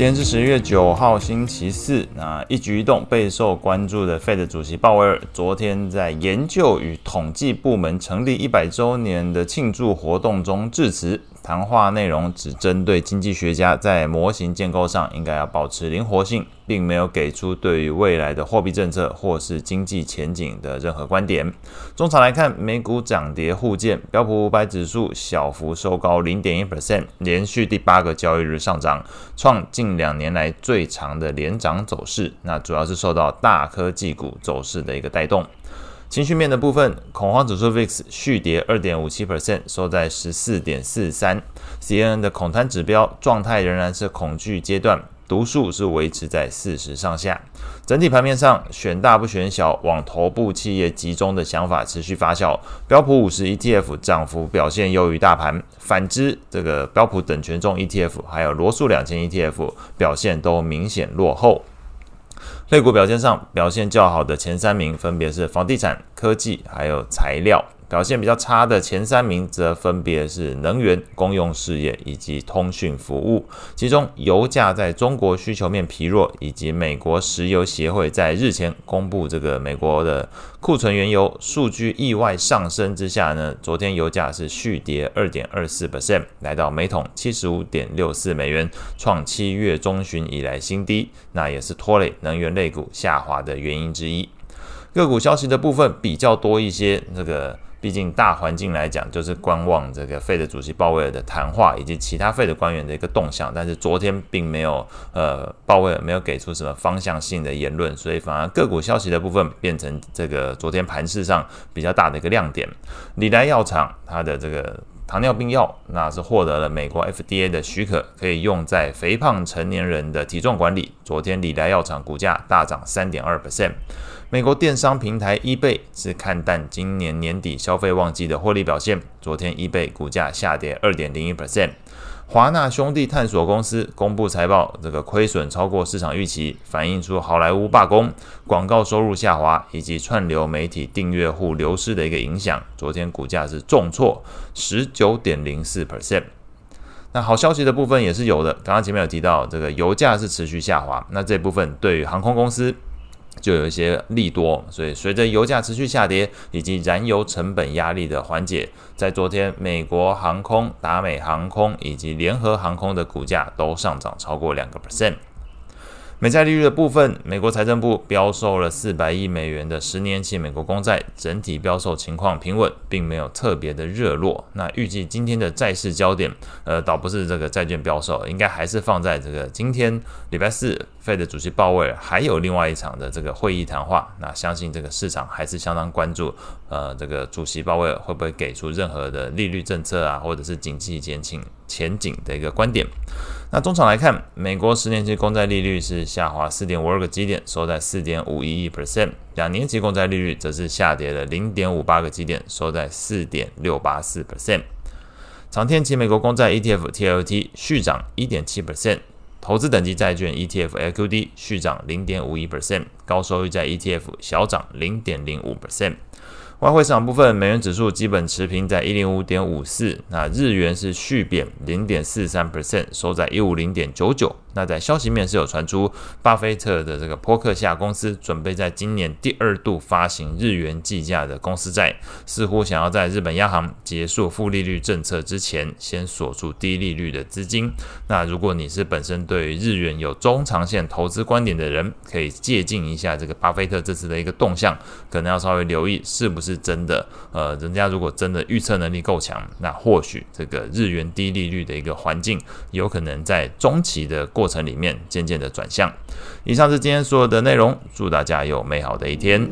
今天是十一月九號，星期四。那一舉一動備受關注的 FED 主席鮑威爾，昨天在研究與統計部門成立一百週年的慶祝活動中致辭。強化內容只針對經濟學家，在模型建構上應該要保持靈活性，並沒有給出對於未來的貨幣政策或是經濟前景的任何觀點。終場來看，美股漲跌互見，標普五百指數小幅收高零點一 percent，連續第八個交易日上漲，創近兩年來最長的連漲走勢。那主要是受到大科技股走勢的一個帶動。情緒面的部分，恐慌指數 VIX 續跌二點五七 percent，收在十四點四三。CNN 的恐貪指標狀態仍然是恐懼階段，讀數是維持在四十上下。整體盤面上，選大不選小，往頭部企業集中的想法持續發酵。標普五十 ETF 漲幅表現優於大盤，反之，這個標普等權重 ETF 還有羅素兩千 ETF 表現都明顯落後。類股表現上，表現較好的前三名分別是房地產、科技、還有材料。表現比較差的前三名則分別是能源、公用事業以及通訊服務。其中，油價在中國需求面疲弱，以及美國石油協會在日前公布這個美國的庫存原油數據意外上升之下呢，昨天油價是續跌二點二四 percent，來到每桶七十五點六四美元，創七月中旬以來新低。那也是拖累能源類股下滑的原因之一。個股消息的部分比較多一些，那、這個。畢竟大環境來講，就是觀望這個 FED 主席鮑威爾的談話，以及其他 FED 官員的一個動向。但是昨天並沒有，呃，鮑威爾沒有給出什麼方向性的言論，所以反而個股消息的部分變成這個昨天盤勢上比較大的一個亮點。禮萊藥廠它的這個糖尿病藥，那是獲得了美國 FDA 的許可，可以用在肥胖成年人的體重管理。昨天禮萊藥廠股價大漲三點二%。美國電商平台 eBay 是看淡今年年底消費旺季的獲利表現，昨天 eBay 股價下跌二點零一 percent。華納兄弟探索公司公布財報，這個虧損超過市場預期，反映出好萊塢罷工、廣告收入下滑以及串流媒體訂閱戶流失的一個影響。昨天股價是重挫十九點零四 percent。那好消息的部分也是有的，剛剛前面有提到，這個油價是持續下滑，那這部分對於航空公司。就有一些利多，所以隨着油價持續下跌以及燃油成本壓力的緩解，在昨天，美國航空、達美航空以及聯合航空的股價都上漲超過兩個 percent。美債利率的部分，美國財政部標售了四百億美元的十年期美國公債，整體標售情況平穩，並沒有特別的熱絡。那預計今天的債市焦點，呃，倒不是這個債券標售，應該還是放在這個今天禮拜四，Fed 主席鮑威爾還有另外一場的這個會議談話。那相信這個市場還是相當關注，呃，這個主席鮑威爾會不會給出任何的利率政策啊，或者是經濟前景，前景的一個觀點。那終場來看，美國十年期公債利率是下滑四點五二個基點，收在四點五一一 percent；兩年期公債利率則是下跌了零點五八個基點，收在四點六八四 percent。長天期美國公債 ETF TLT 續漲一點七 percent，投資等級債券 ETF LQD 續漲零點五一 percent，高收益債 ETF 小漲零點零五 percent。外匯市場部分，美元指數基本持平在一零五點五四。那日元是續貶零點四三 percent，收在一五零點九九。那在消息面是有傳出，巴菲特的這個波克夏公司準備在今年第二度發行日元計價的公司債，似乎想要在日本央行結束負利率政策之前，先鎖住低利率的資金。那如果你是本身對於日元有中長線投資觀點的人，可以借鑑一下這個巴菲特這次的一個動向，可能要稍微留意是不是？是真的，呃，人家如果真的預測能力夠強，那或許這個日元低利率的一個環境，有可能在中期的過程裡面漸漸的轉向。以上是今天所有的內容，祝大家有美好的一天。